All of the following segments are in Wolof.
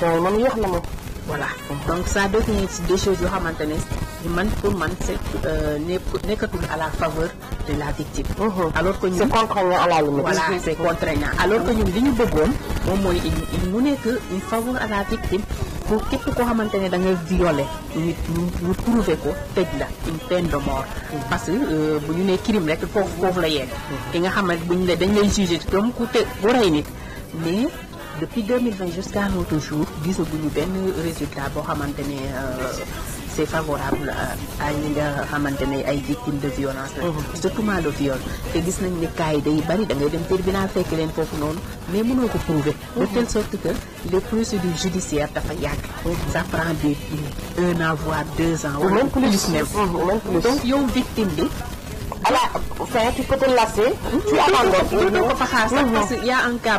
champs yi moom yéex na moom. voilà donc ça devient des choses yoo xamante ne man pour man c' est euh, nekkatul à la faveur de la victime. Mhm. alors que ñun c' est contraignant à la limite. voilà c' contraignant alors que ñun li ñu bëggoon moom mooy il mu nekk une faveur à la victime. pour képp koo xamante ne da ngay violé nit ñu prouvé ko tëj la une peine de mort parce que euh, bu ñu nee crime rek foofu foofu la yegg mhm. ki nga xam ne bu dañ lay jugé comme ku te ku rey nit mais depuis 2020 jusqu'à l'autre jour nous benn résultat euh, c'est favorable euh, à une victimes de violence mhm. surtout viol ne cas bari tribunal mais prouver mhm. de telle sorte que le procédures judiciaire mhm. ça un an deux ans même plus donc yow victime tu peux te lasser tu y a un cas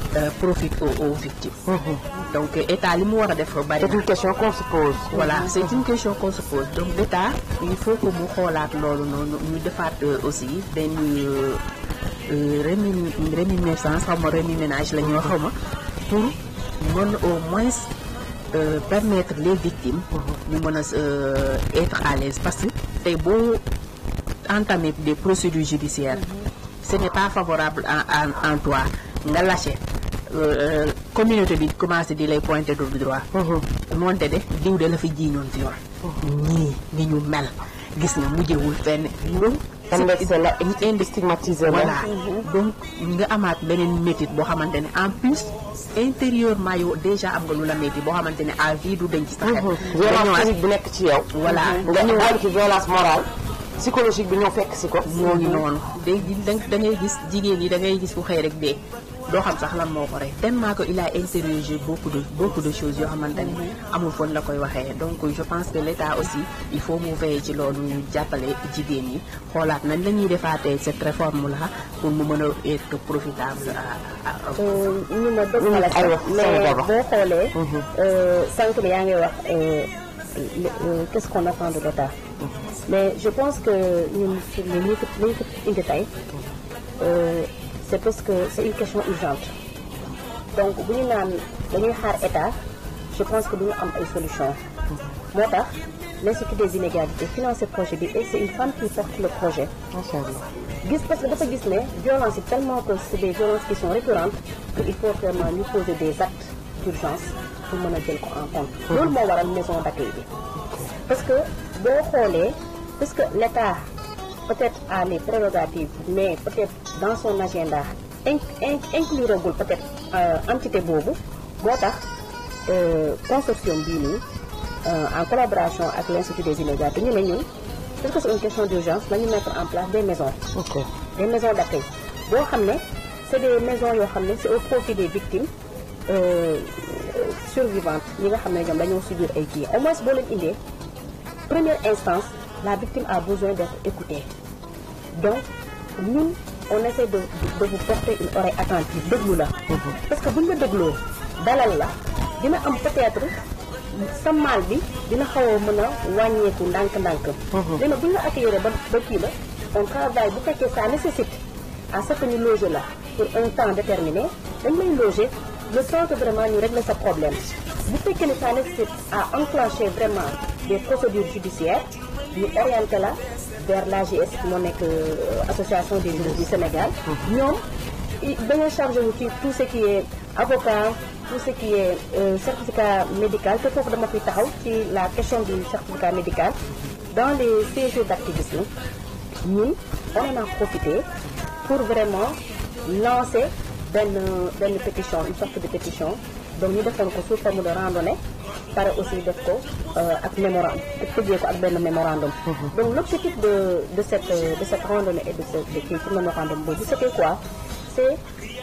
Euh, profite aux, aux victimes. Mhm. Donc, l'État, euh, li mu c'est une question qu'on se pose. voilà c'est une question qu'on se pose donc l'État il faut que nous xoolaat loolu ñu euh, aussi des rémi comme xaw les la pour au moins euh, permettre les victimes d'être être à l'aise parce que c'est beau entamer des procédures judiciaires mhm. ce n'est pas favorable en en en toi nga lâché Euh, euh, communauté bi commencé di lay pointer du droit. moonte mhm. de diw de la fi jiiñoon viol. ñii mhm. ni ñu mel gis nga mujjewul fenn. stigmatisé voilà donc nga amaat beneen métit boo xamante ne en plus intérieurement yow déjà am nga lu la métti boo xamante ne à vie du denc sa xel. Mhm. bu nekk ci yow. voilà nga ñëwaat ci violence morale. psychologique bi ñoo fekk si ko. ñoo ngi noonu. day da ngay gis jigéen yi da ngay gis bu xëy rek dee. doo xam sax lan moo ko rey tellement que il a interrogé beaucoup de beaucoup de choses yoo xamante ne amul foon la koy waxee donc je pense que l'État aussi il faut mu veiller ci loolu ñu jàppale jigéen ñi xoolaat nañ la ñuy defaatee cette réforme là pour mu mën a être profitable à. ñu ma dëgg la ay wax mais boo xoolee. sànq yaa ngi wax qu'est-ce qu'on attend de l'état mais je pense que ñun li ñu ko li ñu c'est parce que c'est une question urgente donc si ñu naan un état je pense que nous avons une solution moi l'institut des inégalités le projet et c'est une femme qui porte le projet gis parce que dafa gis ne violence tellement que c'est des violences qui sont récurrentes qu'il faut vraiment nous poser des actes d'urgence pour mener à jël ko en compte pas moo waral maison d'accueil parce que boo parce que l'état peut-être à les prérogatives, mais peut-être dans son agenda, inclure peut-être euh, entité boobu moo euh, consortium construction euh, en collaboration avec l'Institut des Immédiats nous parce que c'est une question d'urgence nous mettre en place des maisons des maisons d'accueil ce sont c'est des maisons qui sont c'est au profit des victimes euh, survivantes nous nga xam ne subir ay kii au moins boo une idée, première instance la victime a besoin d'être écoutée. Donc, nous, on essaie de, de vous porter une oreille attentive déglu là, parce que buñ la dégloo dalal la dina am peut-être sa mal bi dina xaw a mën a wàññeeku ndànk-ndànk. dina mhm. buñ accueillir ba ba la on travaille bu fekkee ça nécessite à ce que nous logeons là, pour un temps déterminé dañ lay loger le temps que vraiment nous régler ce problème bu fekkee ne ça nécessite à enclencher vraiment des procédures judiciaires. Nous là l'AGS mon association des du Sénégal nous mhm. sommes chargé charge tout ce qui est avocat tout ce qui est euh, certificat médical tout ce dama nous la question du certificat médical dans les séjours d'activisme nous, on en a profité pour vraiment lancer une sorte de pétition donc ñu defal ko sous forme de randonnée pare aussi def ko euh, ak mémorandum tëjee ko ak benn mémorandum mhm. donc l'objectif de de cette de cette randonnée et de ce de kii ci mémorandum boobu c'est quoi c'est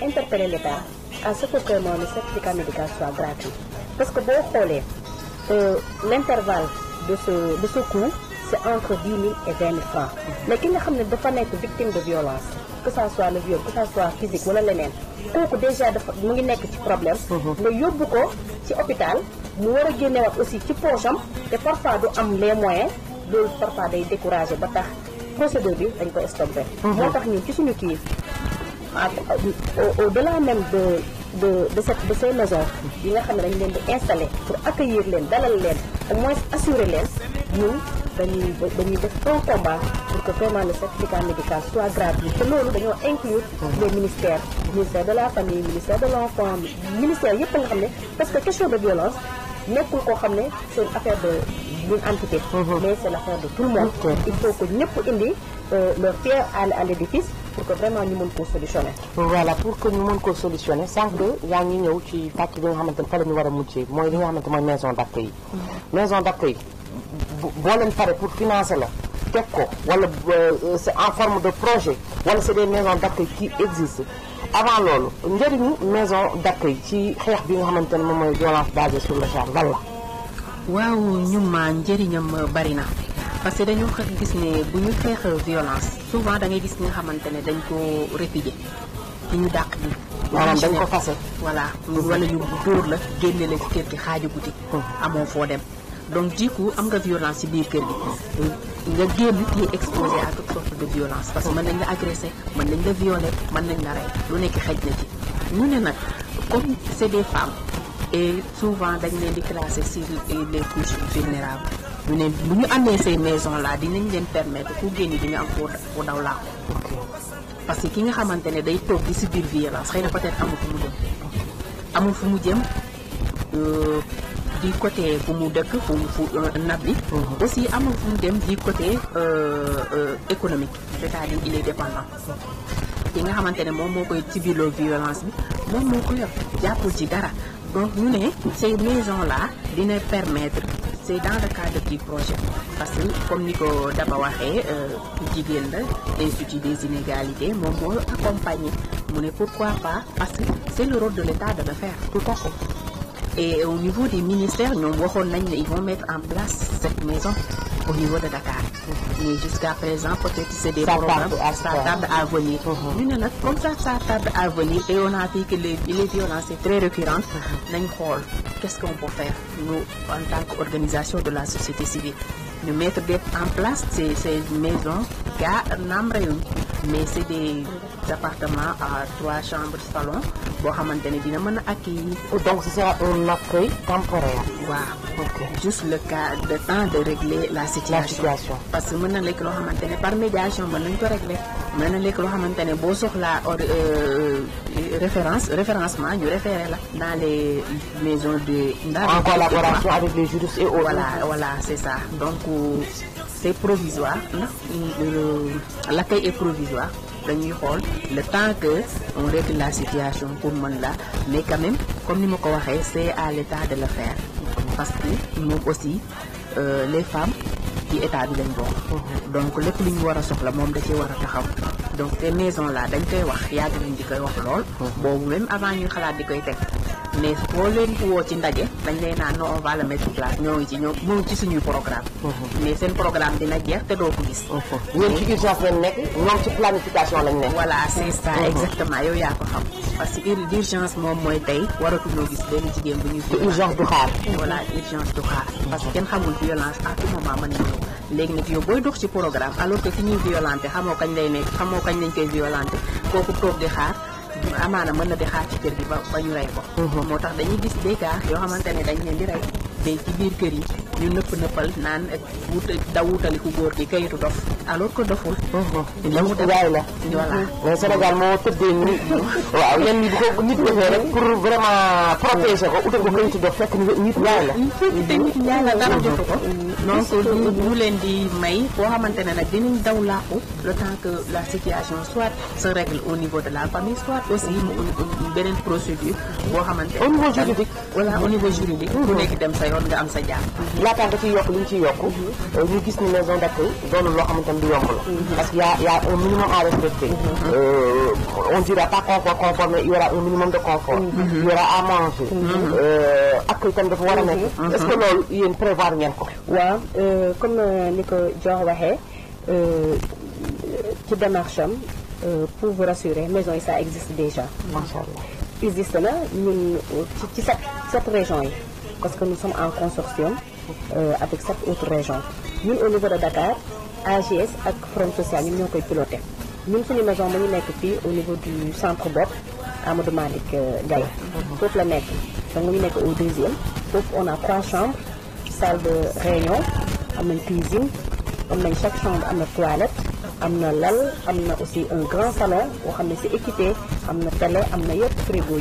interpeller l'État à ce que vraiment le certificat médical soit gratuit parce que boo xoolee euh, l'intervalle de ce de ce coût c'est entre 10 et 20 francs mhm. mais ki nga xam ne dafa nekk victime de violence que ça soit le viol que ça soit physique wala leneen kooku déjà dafa mu ngi nekk ci problème mhm. nga yóbbu ko ci hôpital mu war a génnewaat aussi ci poche te parfois du am les moyens loolu parfois day découragé ba tax procédure bi dañ ko stoppé mhm. moo tax ñun ci suñu kii au delà même de de de cette de ces maisons yi nga xam ne dañ leen di installé pour accueillir leen dalal leen au moins assurer leen ñun de un combat pour que le certificat médical soit gratuit Nous inclure les ministère de la famille ministère de l'enfant ministère parce que question de violence nous pouvons une affaire d'une entité mhm. mais c'est l'affaire de tout le monde il faut que puissions indi euh, leur à l'édifice pour que vraiment solutionner. voilà pour que monde solutionner maison d'accueil mhm. maison d'accueil boo leen pare pour financer la teg ko wala euh, c'est en forme de projet wala c'est des maisons d'accueil qui existent avant loolu njëriñu maison d'accueil ci xeex bi nga xamante ne moom mooy violence basée sur le genre lan waaw ñu ma njëriñam bari na. parce que dañoo xëy gis ne bu ñu xeex violence souvent da ngay gis nga xamante ne dañ ko réfugié di ñu dàq ji. maanaam dañ ko fase voilà wala ñu dóor la génne la kër gi xaaju guddi. Hmm. amoo foo dem. donc du coup am nga violence ci biir kër gi nga génn te exposé à toute sorte de violence parce que mën nañ la agressé mën nañ la violé mën nañ la rey lu nekk xaj na ci ñu ne nag comme c'est des femmes et souvent dañ leen di classer ci les couches vulnérables ñu ne bu ñu amee ces maisons là dinañ leen permettre ku génn di nga am foo daw laa parce que ki nga xamante ne day toog di subir violence xëy na peut-être amul fu mu jëm amul fu mu jëm euh, du côté bu euh, mhm. aussi dem du côté euh, euh, économique c'est-à-dire il est dépendant Et nga xamantene mom moom moo la violence bi mom moo yor ci dara donc ñu né ces maisons là dina permettre c'est dans le cadre du projet parce que comme ni ko daba euh jigéen la institut des inégalités mom mo accompagner mu ne pourquoi pas parce que c'est le rôle de l'État de le faire tout à fait et au niveau des ministères, nous ils vont mettre en place cette maison au niveau de Dakar. Mais jusqu'à présent, peut-être c'est des ça programmes, à à venir. Mhm. Nous, comme ça, ça tarde à venir. Et on a vu que les, les violences sont très récurrentes. Mhm. Qu'est-ce qu'on peut faire, nous, en tant qu'organisation de la société civile Nous mettre en place ces, ces maisons mais c'est des appartements à trois chambres salon donc c'est un accueil temporaire. juste le cas de temps de régler la situation. parce que maintenant les clients ont par médiation maintenant les régler. Euh, référence référencement du dans les maisons de. en collaboration avec les juristes et voilà voilà c'est ça donc. Euh, c'est provisoire hein? euh, l'accueil est provisoire le temps que on règle la situation pour monde là mais quand même comme nous ma dit, c'est à l'état de le faire parce que nous aussi euh, les femmes qui état à lañ donc les lu ñu a soxla moom da ci war donc ces maisons là dañ koy wax yàgg nañ di koy wax même avant ñuy xalaat di koy mais boo leen woo ci ndaje dañ lay naan non on va le ñoo ngi ci ñoo ñoo ngi ci suñuy programme mhm. mais seen programme dina jeex te doo ko gis ñoom mhm. ci urgence lañ nekk ñoom ci planification mhm. yow yaa parce que urgence moom mooy tey waratuñoo gis benn du xaar voilà urgence du xaar parce que kenn xamul violence à tout moment mën léegi nag yow booy dox ci programme alors que ki ñuy violenté xamoo kañ lay nekk xamoo kañ lañ koy violenté kooku toog di xaar amana mën na di xaar ci kër gi ba ba ñu rey ko moo tax dañuy gis des cas yoo xamante ne dañ leen di rey day ci biir kër yi ñu nëpp nëppal naan ak wut da wutali ku góor gi kayitu dof alors que doful. Mhm. ñoom waay la. voilà mais Sénégal moo tëddee nii. waaw yenn nit defee rek pour vraiment protéger ko utal ko kayitu dof fekk nit waay la. te leen di may boo xamante ne nag dinañ daw làqu le temps que la situation soit se règle au niveau de la famille soit aussi beneen procédure boo xamante ne. au niveau juridique. voilà au niveau nekk dem sa yoon nga am sa jàmm. naataange ciy yokk li ñu ciy yokk mhm. euh, ñu gis ni maison d'accueil doonul loo xamante ni du mhm. parce qu'il y a y a un minimum à respecter mhm. euh, on dira pas confort confort mais il y aura un minimum de confort il y aura à manger euh, accueil tam dafa war a nekk est-ce que loolu yéen prévoir rien ko euh, comme ni ko Dior waxee ci démarche euh, pour vous rassurer maison ça existe déjà macha allah existe là, ñun ci cette région parce que nous sommes en consortium euh, avec cette autre région Nous, au niveau de Dakar AGS et Front social nous avons piloté Nous suñu maison ba ñu au niveau du centre BOP, à Malick Gaïa. Euh, la donc ñu sommes au deuxième Donc, on a trois chambres salle de réunion a cuisine on a chaque chambre a une toilette on a aussi un grand salon on a ne c'est équipé am des télé on a frigo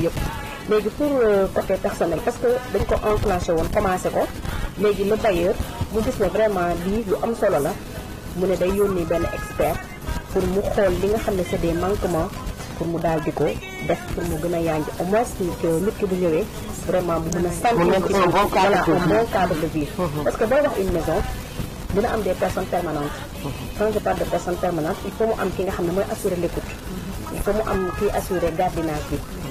léegi pour euh, côté personnel parce que dañ ko enclenché woon commencé ko léegi le bailleur mu gis ne vraiment lii lu am solo la mu ne day yónni benn expert pour mu xool li nga xam ne c'est des manquements pour mu daal di ko def pour mu gën a yànji au moins nit ki bu ñëwee vraiment mu mën a sentir un bon cadre de vie mm-hmm. parce que booy wax une maison dina am des personnes permanentes mm-hmm. quand de personnes permanentes il mu am ki nga xam ne mooy assuré l'écoute mm-hmm. il faut mu am kii assurer gardiennage bi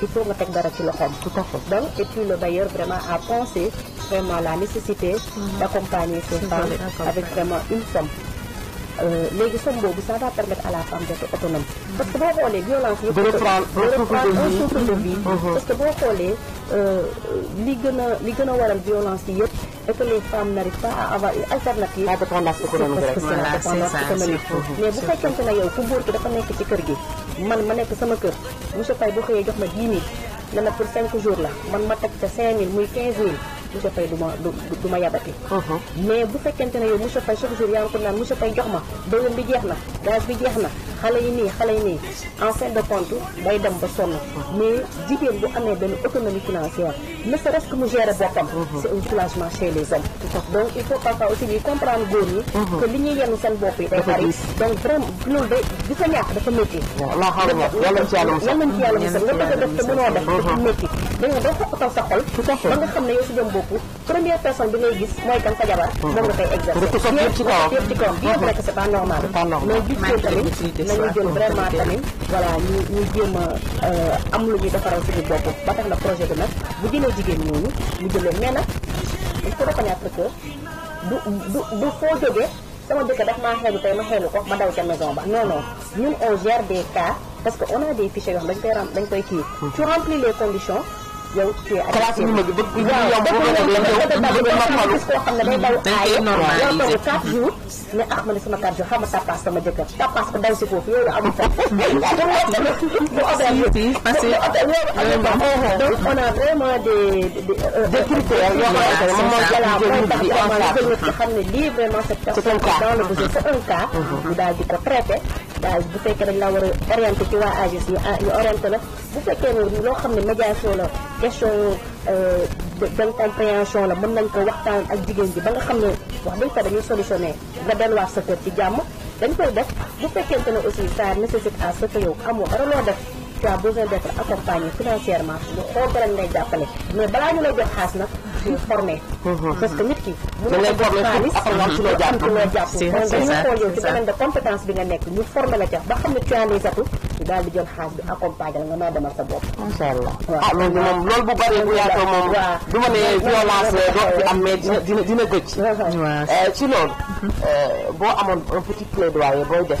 il faut tout à fait donc et puis le bailleur vraiment a pensé vraiment la nécessité. Mhm. d'accompagner ces femmes avec vraiment une somme. Euh, léegi somme boobu ça va permettre à la femme d'être autonome. parce que boo xoolee violence yëpp. de reprendre un souffle vie mm-hmm. parce boo xoolee euh, li gën a li gën a waral violence yi yëpp. et que les femmes n'arrivent pas à avoir une alternative. la dépendance économique rek voilà c'est bu xëyee jox ma 10 000 na pour 5 jours la man ma teg ca 5 000 muy 15 bu ko fay du ma du uh-huh. mais bu fekkente ne yow monsieur Faye jox ma bëgëm bi jeex na gaz bi jeex na xale yi nii xale yi nii en fin de compte day dem ba sonn mais jigéen bu amee benn autonomie financière ne serait mu gérer uh-huh. uh-huh. day bari donc vraiment loolu dafa métti yàlla ci yàlla nga bëgg a def te mënoo def dafa métti da nga doo xottal sa xol ba nga xam ne yow si jëm beaucoup première personne bi ngay gis mooy kan sa jabar ah. moom nga koy exercer yëpp ci kawam bien vrai que c'est pas normal mais gis ko tamit nañu jël vraiment tamit voilà ñu ñu jéem a euh, am lu ñuy defaral suñu bopp ba tax na projet bi nag bu jëlee jigéen ñooñu mu jëlee mais nag il faut reconnaître que du du du foo jógee sama jëkkër daf maa xeelu tey ma xeelu ko ma daw ba non non ñun on cas parce que on a des fichiers yoo xam dañ koy dañ koy kii hmm. yow c'est classe ñu bëgg bëgg koo xam ne day daw ay normal yow 4 jours ne ah ma ne sama 4 jours xam nga tapas sama jëkkër tapas ko daw si foofu yow amul fa donc on a vraiment des des critères yoo xam ne lii vraiment c'est dans le besoin c'est un cas ñu daal di ko traité daal bu fekkee dañ la war a orienté ci waa AGS ñu orienté la bu fekkee ne loo xam ne médiation la question euh, d'incompréhension la mën nañ ko waxtaan ak jigéen ji ba nga xam ne wax dëgg fa dañuy solutionné nga delluwaat sa kër ci jàmm dañ koy def bu fekkente ne aussi ça nécessite à ce que yow amoo dara loo def tu as besoin d'être accompagné financièrement ñu xool ko lañ lay jàppale mais balaa ñu lay jox xaas nag ñu formé mhm. parce que nit ki mën mhm. na jox xaalis compétence bi nga nekk ñu formé la ca ba xam ne tu as ñu daal di jël xaas bi accompagné la nga noo demal sa bopp incha allah ah loolu moom loolu bu bëree bu yaatoo moom du ma ne violence doo ci am mais dina dina eh, ci loolu eh, boo amoon un petit plaidoyer booy def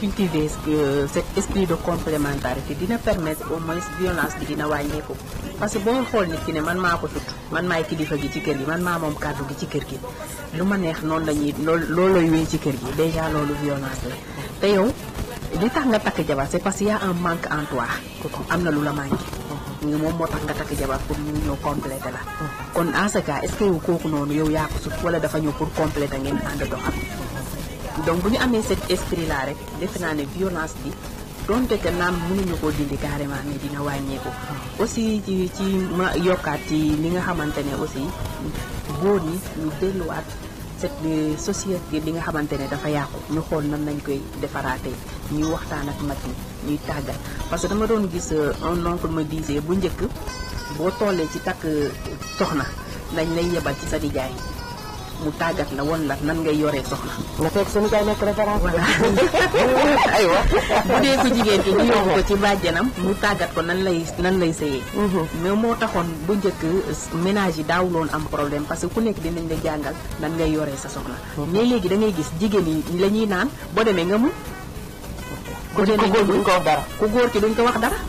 cultiver cet eh, esprit de complémentarité dina permettre au moins violence bi dina wàññeeku parce que boo xool nit ki ne man maa ko tut man maay kilifa gi ci kër gi man maa moom kàddu gi ci kër gi lu ma neex noonu la ñuy loolu loolooy wéy ci kër gi déjà loolu violence la te yow li tax nga takk jabar c'est parce que y un manque en toi am na lu la manqué moom moo tax nga takk jabar pour ñu ñëw complété la kon en ce cas kooku noonu yow yaa ko sut wala dafa ñëw pour complété donc bu ñu amee set esprit là rek defe naa ne violence bi donte que naam mënuñu koo dindi carrément mais dina wàññeeku. aussi ci ci ma yokkaat ci li nga xamante ne aussi góor yi ñu delluwaat set société bi nga xamante ne dafa yàqu ñu xool nan lañ koy defaraatee ñuy waxtaan ak mag ñi ñuy tàggat parce que dama doon gis euh, un oncle me disait bu njëkk boo tollee ci takk euh, soxna dañ lay yebal ci sa nijaay. mu tàggat la woon la nan ngay yoree soxna. nga fekk suñu kay nekk référence. voilà aywa bu dee ko jigéen ki ñu yóbbu ko ci bàjjanam mu tàggat ko nan lay nan lay sëyee. Mhm. mais moo taxoon bu njëkk ménage yi loon am problème parce que ku nekk dinañ la jàngal nan ngay yoree sa soxna. Mhm. mais léegi da ngay gis jigéen yi la ñuy naan boo demee nga mu. ku góor ki duñ ko dara. ku góor ki duñ ko wax dara.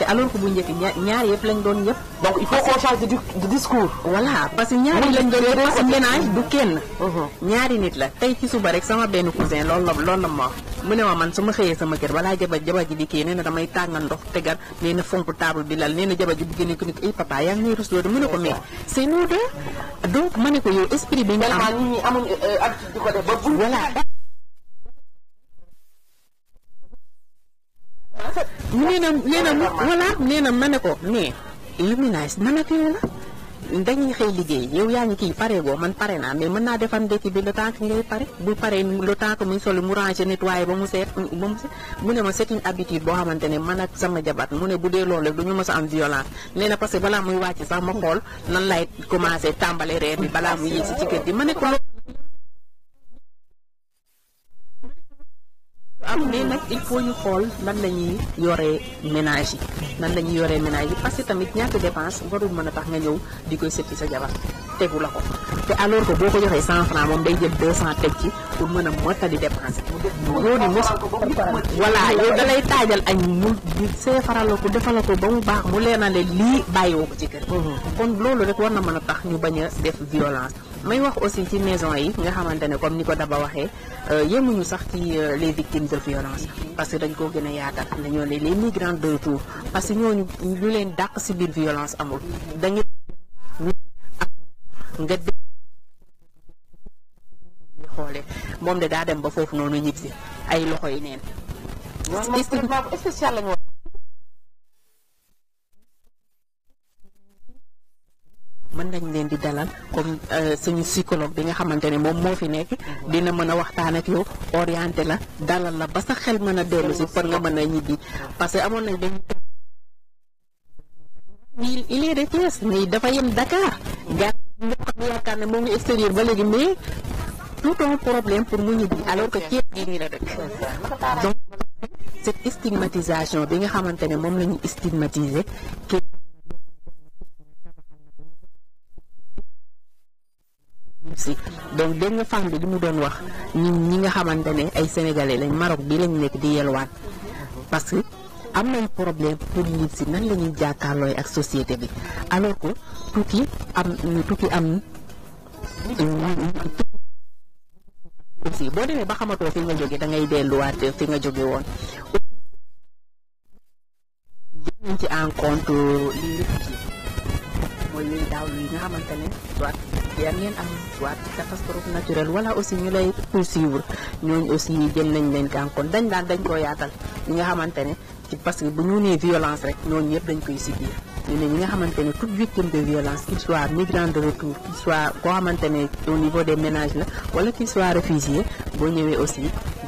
te alors que bu njëkk ñaar yépp lañ doon yëpp. donc il faut qu'on change de discours. voilà parce que ñaari lañ doon yépp ci ménage du kenn. Uh-huh. ñaari nit la tay ci suba rek sama benn cousin lool la lool la ma mu ne ma man su ma xëyee sama kër balaa jaba jaba ji di kii nee na damay tàngal ndox tegal nee na fonk table bi lal nee na jaba ji bu génne ko ni ay eh, papa yaa ngi ñuy rus loolu mu ne ko mais c'est nous deux donc ma ne ko yow esprit bi nga am vraiment nit ñi amuñ habitude euh, euh, di ko def ba bu voilà nee na nee na voilà na ma ne ko mais Luminize man ak yow la dañuy xëy liggéey yow yaa ngi kii pare goo man pare naa mais mën naa defar ndekki bi le temps que ngay pare bu pare le temps que muy solu mu rangé nettoyé ba mu seet ba mu mu ne ma c'est une habitude boo xamante ne man ak sama jabat mu ne bu dee loolu du ñu mës a am violence nee na parce que balaa muy wàcc sax ma xool nan lay commencé tàmbale reer bi balaa muy yéeg si ci kër gi ma ne ko am ah, mais nag il faut ñu xool nan la ñuy yoree ménage yi nan la ñuy yoree ménage yi parce que tamit ñàkk dépense warul mën a tax nga ñëw di koy sëppi sa jabar tegu la ko te alors que boo ko joxee 100 francs moom day jël 200 teg ci pour mën a mottali dépense yow ni mos voilà yow da lay taajal añ mu seefaral la ko defal ko ba mu baax mu leer na ne lii bàyyiwoo ko ci kër mhm. kon loolu rek war na mën a tax ñu bañ a def violence may wax aussi ci maison yi nga xamante ne comme ni ko Daba waxee euh, yéemuñu sax ci euh, les victimes de violence parce que dañ koo gën a yaatal xam ne ñoo ne les migrants de retour parce que ñooñu ñu leen dàq si biir violence amul dañu nga xoole moom de daa dem ba foofu noonu ñibbi ay loxo yi neen di dalal comme euh, suñu psychologue bi nga xamante ne moom moo fi nekk dina mën a waxtaan ak yow orienté la dalal la ba sa xel mën a dellu si pour nga mën a ñibbi parce que amoon nañ benn il est de Thiès dafa yem Dakar gars nga ne moo ngi extérieur ba léegi mais tout un problème pour mu ñibbi alors que gi nii la dëkk donc cette stigmatisation bi nga xamante ne moom lañu ñu si donc dégg nga femme bi li mu doon wax ñun ñi nga xamante ne ay sénégalais lañ Maroc bi lañ nekk di yelwaan parce que am nañ problème pour ñibb si nañ la ñuy jàkkaarlooy ak société bi alors ko tukki am tukki am aussi boo demee ba xamatoo fi nga jóge da ngay delluwaat fi nga jóge woon jël ci en compte euh, li mooy yooyu yan ngeen am waa catastrophe naturelle wala aussi ñu lay poursuivre ñooñu aussi jël nañ leen kan kon dañ daan dañ koo yaatal ñi nga xamante ne bu ñu nee violence rek ñooñu yëpp dañ koy subir ñu ne ñi nga xamante ne toute de violence qu'il soit migrant retour qu'il soit koo au niveau des ménages la wala qu'il réfugié boo ñëwee aussi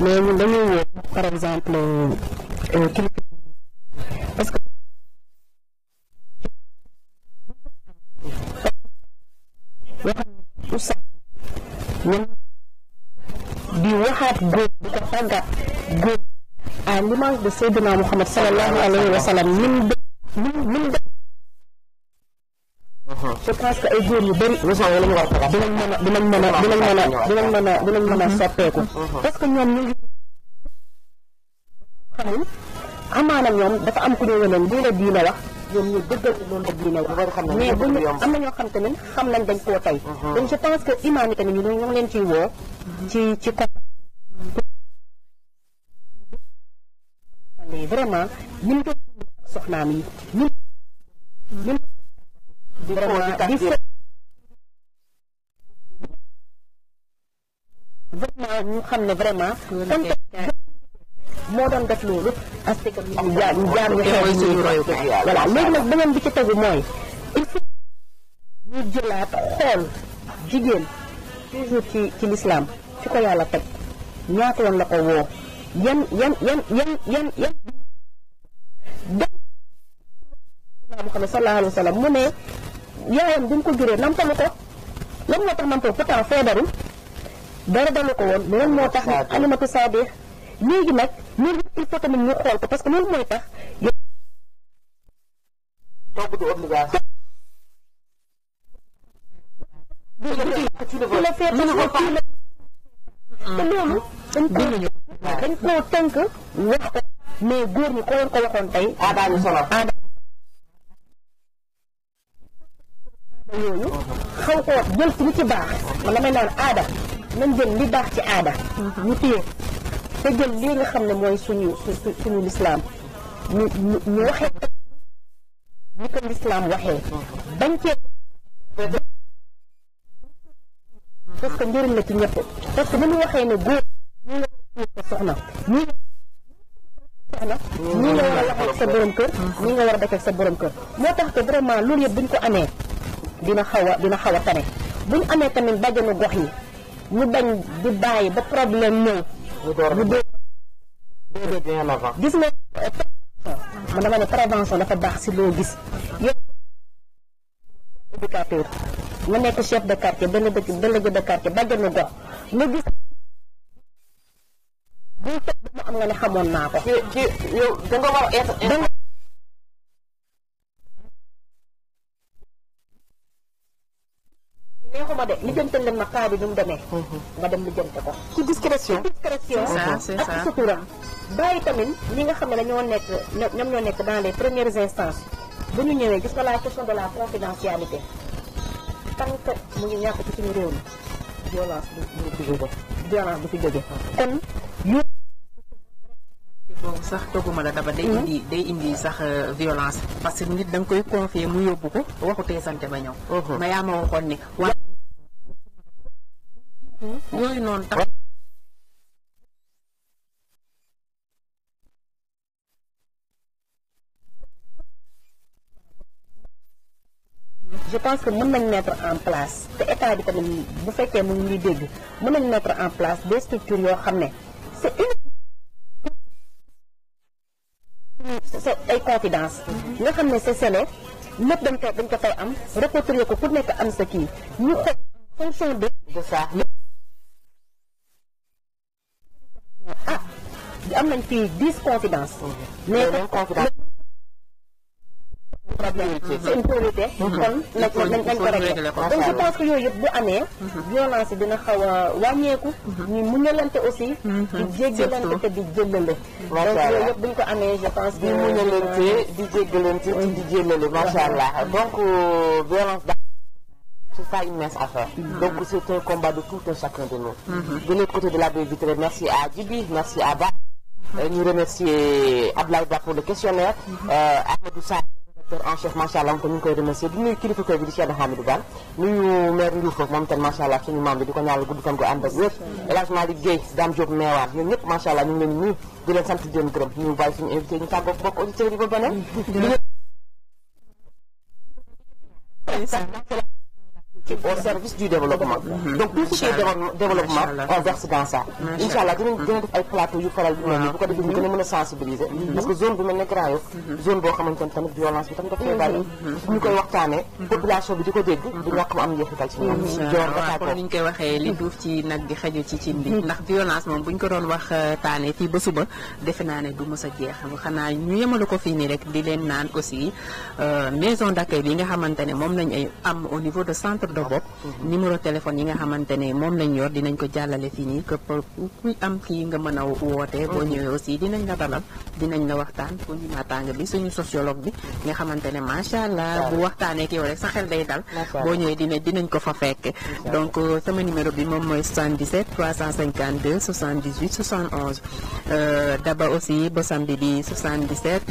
mais ñun dañuy par exemple euh, kilifa parce que waxam ñun di waxaat góor di ko tàggat góor à de Seydina Mouhamed sallallahu alayhi wa sallam je pense que ay góor yu bëri dinañ mën a dinañ mën a dinañ mën a dinañ mën a dinañ mën a soppeeku parce que ñoom ñu ngi xamul ñoom dafa am ku ñu weneen lii la diina wax ñoom ñu dëggal loolu la diina wax mais buñu am na ñoo xam te ne xam nañ dañ koo tey uh-huh. donc je pense que imaam yi tamit ñu ñoo ngi leen ciy woo ci ci combat vraiment ñun soxnaam yi di xool vraiment ñu xam ne vraiment. moo doon def loolu. parce que ñu jaar ñu léegi nag beneen bi ci tegu mooy. il faut ñu jëlaat xool jigéen toujours ci ci lislaam fi ko yàlla teg ñaata yoon la ko woo yan yan yan yan yan yan. dem. Muhammad sallallahu alayhi wa sallam mu ne. yaayam bi mu ko juree nampalu ko lan moo tax nampalu pourtant feebarul dara dalu ko woon lan moo tax alimatu saadix léegi nag loolu il parce que loolu mooy tax togg du obligation la dañ koo tënk wax ko mais góor ñi ko leen ko waxoon tey ah, yooyu xaw koo jël ci li ci baax man damay naan aada nañ jël li baax ci aada ñu téye te jël lii nga xam ne suñu suñu lislaam ñu ñu waxee ni ko lislaam waxee bañ cee parce que njëriñ la ci ñëpp parce que ni mu waxee ne góor ñii la ko soxna ñii soxna ñii nga war a wax ak sa borom kër ñii nga war a def ak sa borom kër moo tax que vraiment loolu yëpp buñ ko amee dina xawa dina xawa tane buñ amé tamen bajanu gox yi ñu bañ di baye ba problème ñu ñu do do door la fa gis nga eh, man dama ne prévention dafa bax ci lo gis éducateur nga nek chef de quartier benn dëkk délégué de quartier bajanu gox ñu gis bu tax dama am nga ne xamone nako ci ci yow da nga war a la ma paa bi nu mu demee. nga mhm. dem lu jënte ko. ci discrétion ci discrétion. c'est ça ak bàyyi tamit ñi nga xam ne dañoo nekk ñoom ñoo nekk dans les premières instances bu ñu ñëwee gis nga la question de la confidentialité tant que mu ngi ñàkk ci suñu réew mi violence du du jóge violence du fi jóge kon yu sax togguma la daba day hmm? indi day indi sax euh, violence parce que nit da nga koy confier mu yóbbu ko waxutee sante ba ñëw mhm. ma ma waxoon ni yooyu noonu tax je pense que mën nañ mettre en place te état bi tamit bu fekkee mu ngi dégg mën nañ mettre en place des structures yoo xam ne c'est une ay confidence nga xam ne c'est scellé lépp dañ ko dañ ko fay am répertorier ko ku nekk am sa kii ñu xool fonction de de ça am nañ disconfidence. confidence mais c'est une priorité donc je pense que bu violence dina aussi mhm. di di donc ko je pense di euh, di donc euh, violence c'est ça une affaire. Mhm. Donc c'est un combat de tout un chacun de nous. Mhm. De côté de la baie merci à Djibi, merci à Euh, ñuy remercier Abdoulaye Ba pour le questionnaire. Mhm. Euh, Amadou Sarr rédacteur en chef macha allah ko ñu ngi koy remercier di nuyu kilifa kër bi di Cheikh Hamidou Bane nuyu maire Ndiouf foofu moom tam macha allah suñu maam bi di ko ñaanal gudd fan gu ànd ak wér. El Hadj Malick Guèye Dame Meewaan ñoom ñëpp macha allah ñu leen nuyu di leen sant di leen ñu bàyyi suñu invité ñu tàggoog bokk auditeurs yi ba beneen. au service du développement donc tout ce qui est développement on verse dans ça incha allah dinañ dinañ def ay plateau yu faral yu mel nii bu ko defee ñu gën a mën a mhm. sensibiliser mhm. parce que zone bu mel ne Grand Yoff mhm. zone boo xamante ne tamit violence bi tamit dafay bari ñu koy waxtaanee population bi di ko dégg di ñàkk mu am njeexital ci ñoom waaw kon ni ñu koy waxee li duuf ci nag di xaju ci cin bi ndax violence moom bu ñu ko doon wax euh, taane fii ba suba defe naa ne du mës a jeex xanaa ñu yemalu ko fii nii rek di leen naan aussi euh, maison d'accueil yi nga xamante ne moom lañ ay euh, am au niveau de centre bopp numéro téléphone yi nga xamantene mom lañ yor dinañ ko jallalé fini nii que ku am ki nga mëna woté bo boo mhm. aussi dinañ la dalal dinañ la waxtaan ko ñu ma tang bi suñu sociologue bi nga xamantene ma sha allah bu waxtaané ki yow rek sa xel day dal bo ñëwee dina dinañ ko fa fekk donc euh, sama numéro bi mom moy 77 352 78 71 euh daba aussi bo samedi bi 77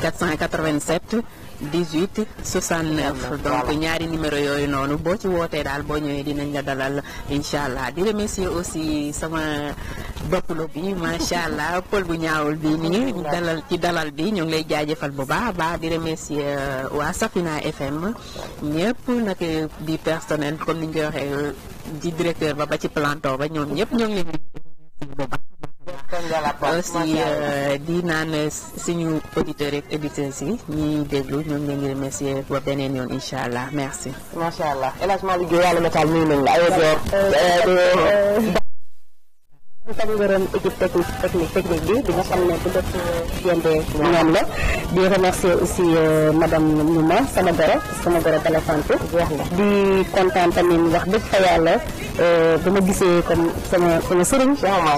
487 18 69 donc ñaari numéro yooyu noonu boo ci wootee daal boo ñëwee dinañ la dalal incha allah di remercier aussi sama boppalo bi macha allah pël bu ñaawul bi nii dalal ci dalal bi ñoo ngi lay jaajëfal bu baax a baax di remercier euh, waa Safina FM ñëpp nag di personnel comme ni ñu koy waxee euh, di directeur ba ba ci planton ba ñoom ñëpp ñoo ngi leen di bu baax aussi euh, di naan euh, suñu auditeurs ak éditeurs yi ñuy déglu ñoom la ngi remercier ba beneen yoon incha allah merci. macha allah El Hadj Malick Guèye yàlla tàngooram Égypte technique technique bi bi nga xam ne bu def yembe ñoom la di remercier aussi madame Numa sama goro sama goro Bala Fante di kontaan tamit wax dëgg fa yàlla ba ma gisee comme sama sama sëriñ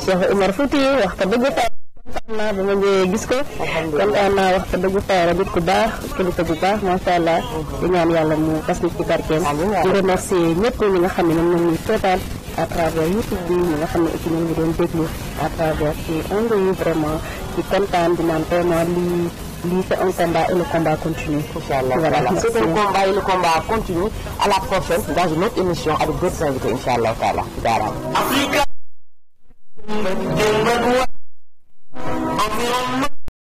Cheikh Oumar Fouti wax ko dëgg fa kontaan naa ba ma ñëwee gis ko kontaan naa wax ko dëgg fa yàlla ku baax kilifa bu baax macha allah di ñaan yàlla mu ci barkeem di remercier ñëpp ñi nga xam ne ñuy à travers YouTube bi nga xam ne aussi ñu déglu à travers ci ongle yi vraiment ci kontaan di naan vraiment lii lii c'est un combat et le combat continue. inchallah voilà c'est un combat et le combat continue à la prochaine dans une autre émission avec d'autres invités inchallah taala jaaraama.